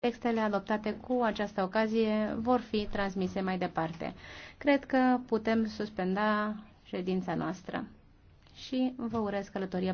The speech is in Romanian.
Textele adoptate cu această ocazie vor fi transmise mai departe. Cred că putem suspenda ședința noastră și vă urez călătoria